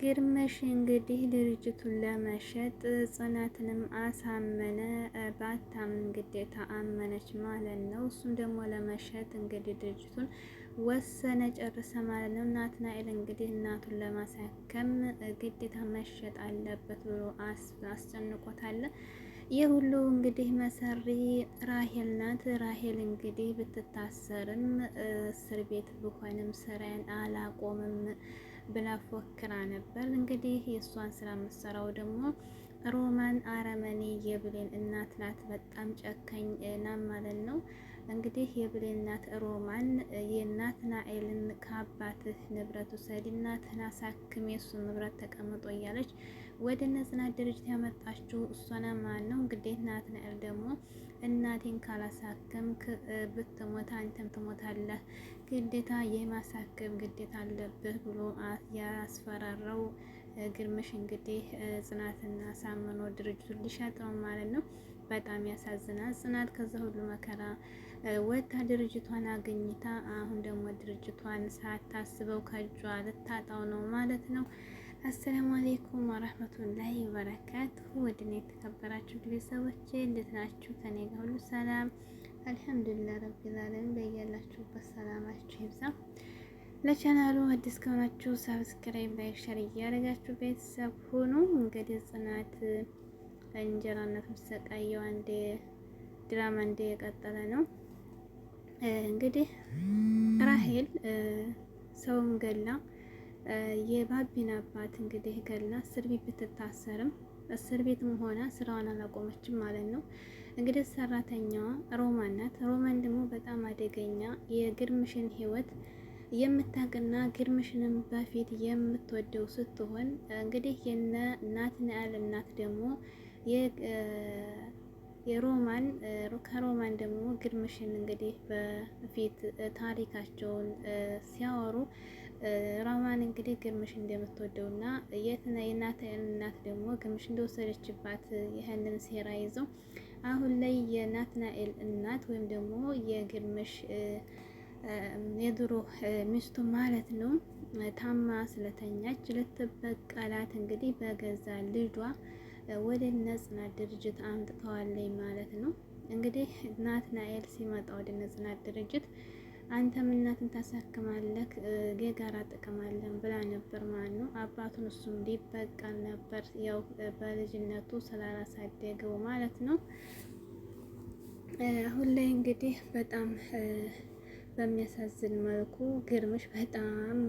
ግርምሽ እንግዲህ ድርጅቱን ለመሸጥ ጽናትንም አሳመነ። ባታምን ግዴታ አመነች ማለት ነው። እሱም ደግሞ ለመሸጥ እንግዲህ ድርጅቱን ወሰነ ጨርሰ ማለት ነው። ናትናኤል እንግዲህ እናቱን ለማሳከም ግዴታ መሸጥ አለበት ብሎ አስጨንቆታል። ይህ ሁሉ እንግዲህ መሰሪ ራሄል ናት። ራሄል እንግዲህ ብትታሰርም እስር ቤት ብሆንም ስራዬን አላቆምም ብላ ፎክራ ነበር። እንግዲህ የእሷን ስራ የምትሰራው ደግሞ ሮማን አረመኔ የብሌን እናት ናት። በጣም ጨካኝ ናት ማለት ነው። እንግዲህ የብሌን እናት ሮማን የናትናኤልን ከአባትህ ንብረት ውሰድና ተናሳክም የእሱን ንብረት ተቀምጦ እያለች ወደ ነጽናት ድርጅት ያመጣችው እሷና ማን ነው እንግዲህ ናትናኤል ደግሞ እናቴን ካላሳከምክ ብትሞት አንተም ትሞታለህ፣ ግዴታ የማሳከም ግዴታ አለብህ ብሎ ያስፈራራው ግርምሽ እንግዲህ ጽናትና ሳምኖ ድርጅቱን ሊሸጠው ማለት ነው። በጣም ያሳዝናል። ጽናት ከዛ ሁሉ መከራ ወታ ድርጅቷን አገኝታ አሁን ደግሞ ድርጅቷን ሳታስበው ከእጇ ልታጣው ነው ማለት ነው። አሰላሙ አሌይኩም ወረህመቱላሂ ወበረካቱሁ ወድና የተከበራችሁ ቤተሰቦቼ እንዴት ናችሁ? ከኔ ጋር ሁሉ ሰላም አልሐምዱሊላህ ረቢል ዓለሚን። በያላችሁበት ሰላማችሁ ይብዛ። ለቻናሉ አዲስ ከሆናችሁ ሰብስክራይብ፣ ላይክ፣ ሸር እያደረጋችሁ ቤተሰብ ሁኑ። እንግዲህ ጽናት እንጀራነት ምሰቃየው አንዴ ድራማ እንደ የቀጠለ ነው። እንግዲህ ራሄል ሰውን ገላ የባቢን አባት እንግዲህ ገልና እስር ቤት ብትታሰርም እስር ቤትም ሆና ስራዋን አላቆመችም ማለት ነው። እንግዲህ ሰራተኛዋ ሮማን ናት። ሮማን ደግሞ በጣም አደገኛ የግርምሽን ህይወት የምታቅና ግርምሽንም በፊት የምትወደው ስትሆን እንግዲህ የነ ናትናኤል እናት ደግሞ የሮማን ከሮማን ደግሞ ግርምሽን እንግዲህ በፊት ታሪካቸውን ሲያወሩ ራማን እንግዲህ ግርምሽ እንደምትወደው እና የትና የእናት እናት ደግሞ ግምሽ እንደወሰደችባት ይህንን ሴራ ይዘው አሁን ላይ የናትናኤል እናት ወይም ደግሞ የግርምሽ የድሮ ሚስቱ ማለት ነው ታማ ስለተኛች ልትበቀላት እንግዲህ በገዛ ልጇ ወደ ነጽናት ድርጅት አምጥተዋለኝ ማለት ነው። እንግዲህ ናትናኤል ሲመጣ ወደ ነጽናት ድርጅት አንተም እናትን ታሳክማለህ የጋራ አለን ብላ ነበር ማለት ነው። አባቱን እሱም ሊበቃል ነበር ያው በልጅነቱ ስላላሳደገው ማለት ነው። አሁን ላይ እንግዲህ በጣም በሚያሳዝን መልኩ ግርምሽ በጣም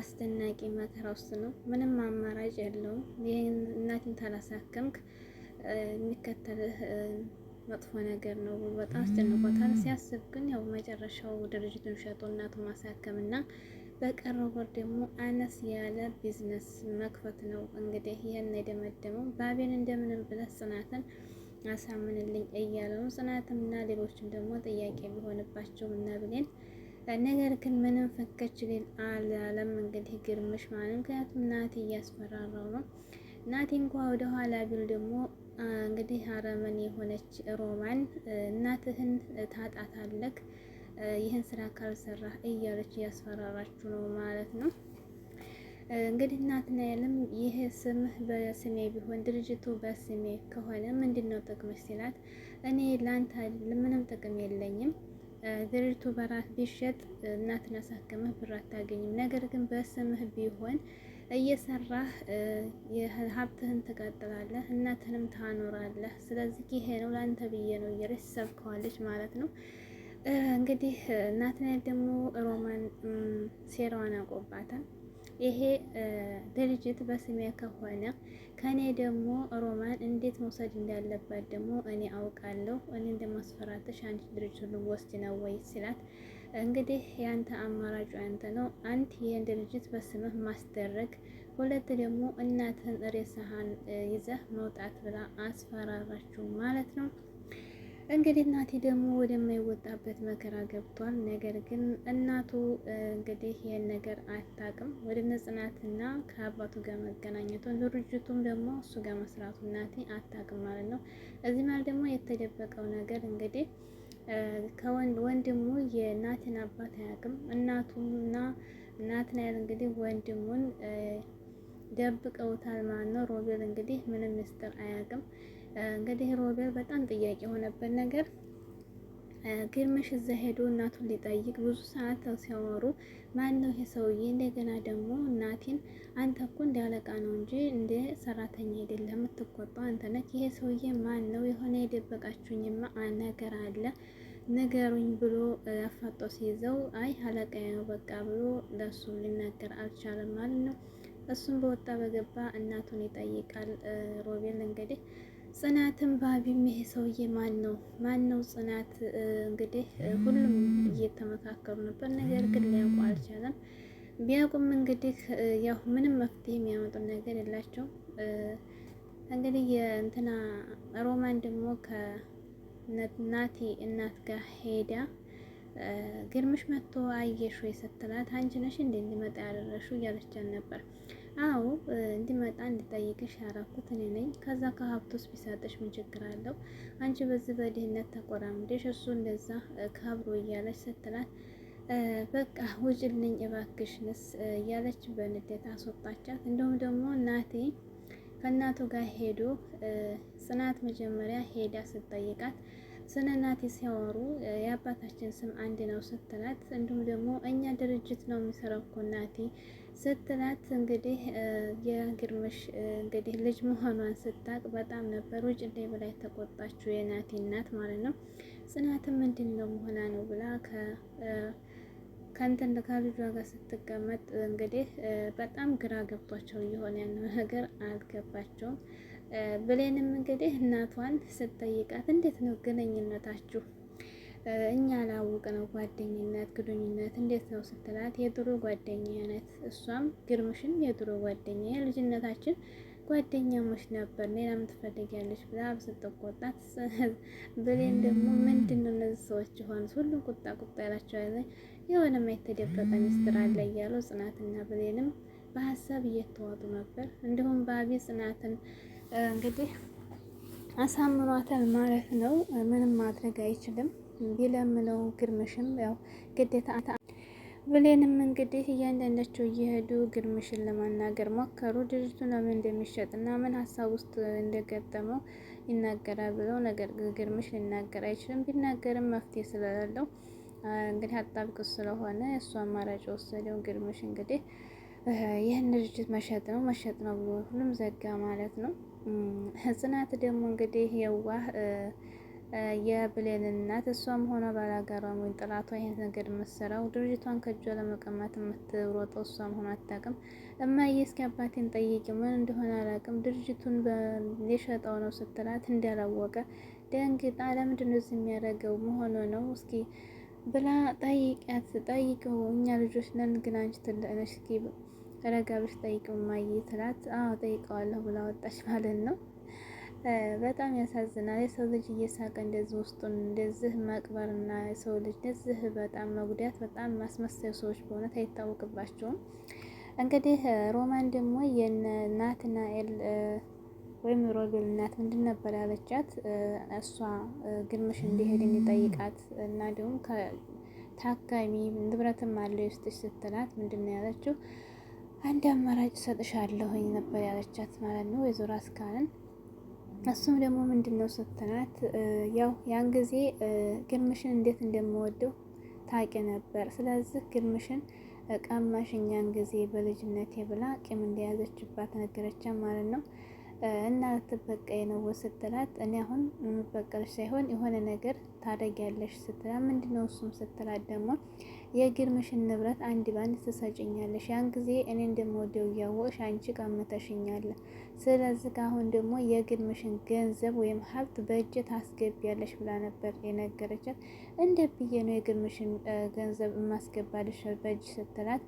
አስደናቂ መከራ ውስጥ ነው። ምንም አማራጭ የለውም። ይህን እናትን ታላሳከምክ የሚከተልህ መጥፎ ነገር ነው ብሎ በጣም አስጨንቆታል። ሲያስብ ግን ያው መጨረሻው ድርጅቱን ሸጦ እናቱ እና በቀረው ወር ደግሞ አነስ ያለ ቢዝነስ መክፈት ነው እንግዲህ ይህን የደመደመው። ባቤን እንደምንም ብለህ ጽናትን አሳምንልኝ እያለ ነው። ጽናትም እና ሌሎችም ደግሞ ጥያቄ ቢሆንባቸው እና ብሌን ነገር ግን ምንም ፈከች ሊል አላለም። እንግዲህ ግርምሽ ማለት ምክንያቱም እናቴ እያስፈራራው ነው ናቲ እንኳ ወደኋላ ቢል ደግሞ እንግዲህ አረመን የሆነች ሮማን እናትህን ታጣታለክ ይህን ስራ ካልሰራ እያለች እያስፈራራችሁ ነው ማለት ነው። እንግዲህ ናትናኤልም ይህ ስምህ በስሜ ቢሆን ድርጅቱ በስሜ ከሆነ ምንድን ነው ጥቅምሽ ሲላት፣ እኔ ለአንተ ምንም ጥቅም የለኝም ድርጅቱ በራስ ቢሸጥ እናትን አሳከመህ ብር አታገኝም። ነገር ግን በስምህ ቢሆን እየሰራህ ሀብትህን ትቀጥላለህ፣ እናትህንም ታኖራለህ። ስለዚህ ይሄ ነው ለአንተ ብዬ ነው እያለች ሰብከዋለች ማለት ነው። እንግዲህ ናትናኤል ደግሞ ሮማን ሴራዋን አውቆባታል። ይሄ ድርጅት በስሜ ከሆነ ከእኔ ደግሞ ሮማን እንዴት መውሰድ እንዳለባት ደግሞ እኔ አውቃለሁ። እኔ እንደማስፈራተሽ አንቺ ድርጅቱን ልወስድ ነው ወይ ሲላት እንግዲህ ያንተ አማራጩ ያንተ ነው። አንድ ይህን ድርጅት በስምህ ማስደረግ፣ ሁለት ደግሞ እናትህን ሬሳህን ይዘህ መውጣት ብላ አስፈራራችሁ ማለት ነው። እንግዲህ እናቴ ደግሞ ወደማይወጣበት መከራ ገብቷል። ነገር ግን እናቱ እንግዲህ ይህን ነገር አታውቅም። ወደ ነጽናትና ከአባቱ ጋር መገናኘቱ ድርጅቱም ደግሞ እሱ ጋር መስራቱ እናቴ አታውቅም ማለት ነው። እዚህ ማለት ደግሞ የተደበቀው ነገር እንግዲህ ወንድሙ የናትን አባት አያውቅም። እናቱና ናትናኤል እንግዲህ ወንድሙን ደብቀውታል ማለት ነው። ሮቤል እንግዲህ ምንም ምስጢር አያውቅም። እንግዲህ ሮቤል በጣም ጥያቄ የሆነበት ነገር ግርምሽ እዛ ሄዶ እናቱን ሊጠይቅ ብዙ ሰዓት ሲያወሩ ማን ነው ይሄ ሰውዬ? እንደገና ደግሞ እናቴን አንተ እኮ እንደ አለቃ ነው እንጂ እንደ ሰራተኛ አይደለም የምትቆጣው አንተ ነህ። ይሄ ሰውዬ ማን ነው? የሆነ የደበቃችሁኝማ ነገር አለ ንገሩኝ ብሎ አፋጦ ሲይዘው አይ አለቃ ነው በቃ ብሎ ለሱ ሊናገር አልቻለም ማለት ነው። እሱም በወጣ በገባ እናቱን ይጠይቃል። ሮቤል እንግዲህ ጽናትን በአቢም ይሄ ሰውዬ ማን ነው ማን ነው? ጽናት እንግዲህ ሁሉም እየተመካከሩ ነበር። ነገር ግን ሊያውቁ አልቻለም። ቢያውቁም እንግዲህ ያው ምንም መፍትሄ የሚያመጡ ነገር የላቸውም። እንግዲህ የእንትና ሮማን ደግሞ ከናቲ እናት ጋር ሄዳ ግርምሽ መጥቶ አየሽ ወይ ስትላት አንቺ ነሽ እንዴ እንዲመጣ ያደረግሽው እያለቻት ነበር አዎ እንዲመጣ እንድጠይቅሽ ያረኩት እኔ ነኝ። ከዛ ከሀብቱስ ቢሰጥሽ ምን ችግር አለው? አንቺ በዚህ በድህነት ተቆራምደሽ እሱ እንደዛ ከብሮ እያለች ስትላት በቃ ውጭልኝ እባክሽንስ እያለች በንዴት አስወጣቻት። እንዲሁም ደግሞ እናቴ ከእናቱ ጋር ሄዶ ጽናት መጀመሪያ ሄዳ ስትጠይቃት ስለ እናቴ ሲያወሩ የአባታችን ስም አንድ ነው ስትላት፣ እንዲሁም ደግሞ እኛ ድርጅት ነው የሚሰራው እኮ እናቴ ስትላት፣ እንግዲህ የግርምሽ እንግዲህ ልጅ መሆኗን ስታቅ በጣም ነበር ውጭ እንደ ብላ ተቆጣችው የእናቴ እናት ማለት ነው። ጽናትም ምንድን ነው መሆና ነው ብላ ከ ከእንትን ከልጇ ጋር ስትቀመጥ እንግዲህ በጣም ግራ ገብቷቸው እየሆነ ያለው ነገር አልገባቸውም። ብሌንም እንግዲህ እናቷን ስትጠይቃት እንዴት ነው ግንኙነታችሁ እኛ ላውቅ ነው ጓደኝነት ግንኙነት እንዴት ነው ስትላት የድሮ ጓደኝነት እሷም ግርምሽን የድሮ ጓደኛ ልጅነታችን ጓደኛሞች ነበር፣ ሌላ ምን ትፈልጊያለሽ ብላ ስትቆጣት፣ ብሌን ደግሞ ምንድን ነው እነዚህ ሰዎች የሆኑት ሁሉም ቁጣ ቁጣ ያላቸው ያለ የሆነ የማይተደበቀ ሚስጥር አለ እያሉ ጽናትና ብሌንም በሀሳብ እየተዋጡ ነበር። እንዲሁም በአቢ ጽናትን እንግዲህ አሳምኗታል ማለት ነው። ምንም ማድረግ አይችልም። ቢለምነው ግርምሽም ያው ግዴታ ብሌንም እንግዲህ እያንዳንዳቸው እየሄዱ ግርምሽን ለማናገር ሞከሩ። ድርጅቱ ለምን እንደሚሸጥና ምን ሀሳብ ውስጥ እንደገጠመው ይናገራል ብለው፣ ነገር ግርምሽ ሊናገር አይችልም። ቢናገርም መፍትሄ ስለሌለው እንግዲህ አጣብቅ ስለሆነ እሱ አማራጭ ወሰደው። ግርምሽ እንግዲህ ይህን ድርጅት መሸጥ ነው መሸጥ ነው ብሎ ሁሉም ዘጋ ማለት ነው። ጽናት ደግሞ እንግዲህ የዋህ የብሌን እናት እሷም ሆነ ባላጋሯ ወይም ጥላቷ ይሄን ነገር የምትሰራው ድርጅቷን ከእጇ ለመቀማት የምትሮጠው እሷም ሆነ አታውቅም። እማዬ እስኪ አባቴን ጠይቂ፣ ምን እንደሆነ አላውቅም፣ ድርጅቱን የሸጠው ነው ስትላት እንዳላወቀ ደንግጣ ለምንድን ነው እዚህ የሚያደርገው መሆኑ ነው እስኪ ብላ ጠይቂያት፣ ጠይቂው እኛ ልጆች ነን፣ ግን አንቺ ትልቅ ነሽ እስኪ ረጋ ብለሽ ጠይቂው እማዬ አዎ ጠይቀዋለሁ ብላ ወጣች ማለት ነው። በጣም ያሳዝናል። የሰው ልጅ እየሳቀ እንደዚህ ውስጡን እንደዚህ መቅበርና የሰው ልጅ እንደዚህ በጣም መጉዳት በጣም ማስመሰል ሰዎች በእውነት አይታወቅባቸውም። እንግዲህ ሮማን ደግሞ የናትናኤል ወይም ሮቤል እናት ምንድን ነበር ያለቻት? እሷ ግርምሽ እንዲሄድ እንዲጠይቃት እና ደግሞ ከታካሚ ንብረትም አለ ውስጥሽ ስትላት ምንድን ነው ያለችው? አንድ አማራጭ ሰጥሻለሁኝ ነበር ያለቻት ማለት ነው ወይዘሮ አስካንን። እሱም ደግሞ ምንድን ነው ስትናት፣ ያው ያን ጊዜ ግርምሽን እንዴት እንደምወደው ታውቂ ነበር። ስለዚህ ግርምሽን ቀማሽኝ ያን ጊዜ በልጅነቴ ብላ ቂም እንደያዘችባት ነገረቻ ማለት ነው። እና ልትበቀይ ነው ስትላት፣ እኔ አሁን የምበቀልሽ ሳይሆን የሆነ ነገር ታደጊያለሽ ስትላት፣ ምንድን ነው እሱም ስትላት ደግሞ የግርምሽን ንብረት አንድ ባንድ ትሰጭኛለሽ። ያን ጊዜ እኔ እንደምወደው እያወቅሽ አንቺ ቀምተሽኛል። ስለዚህ አሁን ደግሞ የግርምሽን ገንዘብ ወይም ሀብት በእጅ ታስገቢያለሽ ብላ ነበር የነገረቻት። እንደ ብዬ ነው የግርምሽን ገንዘብ የማስገባልሽ በእጅ ስትላት፣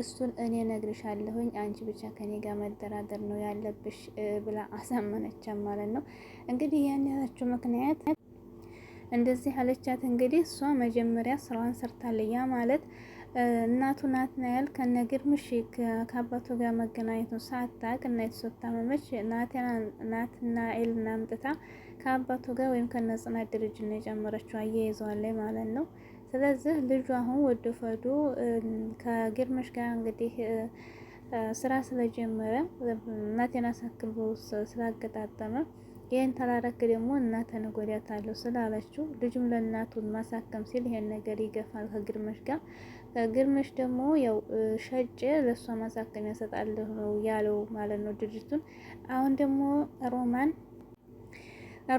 እሱን እኔ ነግርሻለሁኝ አንቺ ብቻ ከኔ ጋር መደራደር ነው ያለብሽ ብላ አሳመነቻ ማለት ነው። እንግዲህ ያን ያላችሁ ምክንያት እንደዚህ አለቻት። እንግዲህ እሷ መጀመሪያ ስራዋን ሰርታለች። ያ ማለት እናቱ ናትናኤል ምሽ ከአባቱ ጋር መገናኘት መገናኘቱን ሳታቅ እናቱ ስታመመች ናትናኤልን ናምጥታ ከአባቱ ጋር ወይም ከነጽናት ድርጅት ነው የጨመረችው፣ አያይዘዋለች ማለት ነው። ስለዚህ ልጁ አሁን ወደ ፈዶ ከግርምሽ ጋር እንግዲህ ስራ ስለጀመረ እናቴን አሳክቦ ስላገጣጠመ ይህን ተራረክ ደግሞ እናተን ጎዳታለሁ ስላለችው ልጁም ለእናቱን ማሳከም ሲል ይሄን ነገር ይገፋል ከግርመሽ ጋር። ከግርመሽ ደግሞ ያው ሸጬ ለእሷ ማሳከም ያሰጣለሁ ነው ያለው ማለት ነው ድርጅቱን። አሁን ደግሞ ሮማን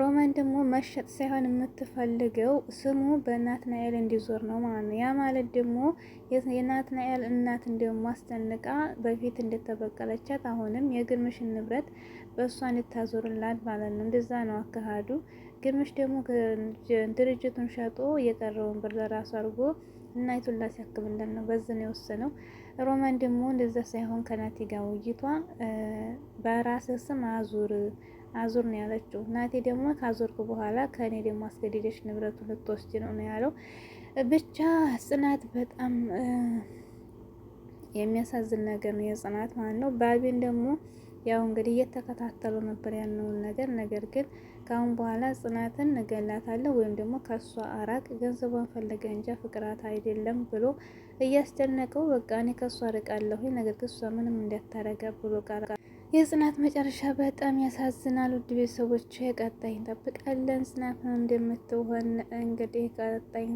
ሮማን ደግሞ መሸጥ ሳይሆን የምትፈልገው ስሙ በናትናኤል እንዲዞር ነው ማለት ነው። ያ ማለት ደግሞ የናትናኤል እናት ደግሞ በፊት እንደተበቀለቻት አሁንም የግርምሽን ንብረት በእሷን ይታዞርላል ማለት ነው። እንደዛ ነው አካሄዱ። ግምሽ ደግሞ ድርጅቱን ሸጦ የቀረውን ብር ለራሱ አድርጎ እና ይቱላ ላሲያክምለን ነው። በዚህ ነው የወሰነው። ሮማን ደግሞ እንደዛ ሳይሆን ከናቲ ጋር ውይይቷ በራስ ስም አዙር አዙር ነው ያለችው። ናቴ ደግሞ ካዞርኩ በኋላ ከእኔ ደግሞ አስገድደሽ ንብረቱ ልትወስድ ነው ነው ያለው። ብቻ ጽናት በጣም የሚያሳዝን ነገር ነው የጽናት ማለት ነው። ባቢን ደግሞ ያው እንግዲህ እየተከታተሉ ነበር ያለውን ነገር። ነገር ግን ካሁን በኋላ ጽናትን እገላታለሁ ወይም ደግሞ ከእሷ አራቅ፣ ገንዘቧን ፈለገ እንጂ ፍቅራት አይደለም ብሎ እያስጨነቀው፣ በቃ እኔ ከእሷ ርቃለሁ፣ ነገር ግን እሷ ምንም እንዳታረገ ብሎ ቃል የጽናት መጨረሻ በጣም ያሳዝናል። ውድ ቤተሰቦች ቀጣይ እንጠብቃለን። ጽናት እንደምትሆን እንግዲህ ቀጣይ